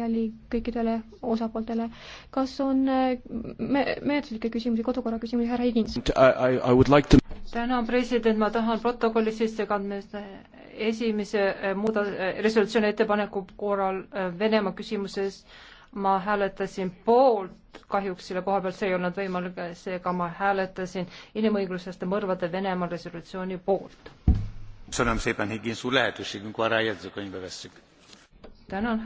materjali kõikidele osapooltele. kas on äh, me-, menetluslikke küsimusi, kodukorra küsimusi, härra Higins? Like to... täna, president, ma tahan protokolli sisse kandmist äh, esimese äh, muuda-, resolutsiooni ettepaneku korral Venemaa küsimuses ma hääletasin poolt, kahjuks selle koha peal see ei olnud võimalik, seega ma hääletasin inimõigluslaste mõrvade Venemaa resolutsiooni poolt. tänan, härra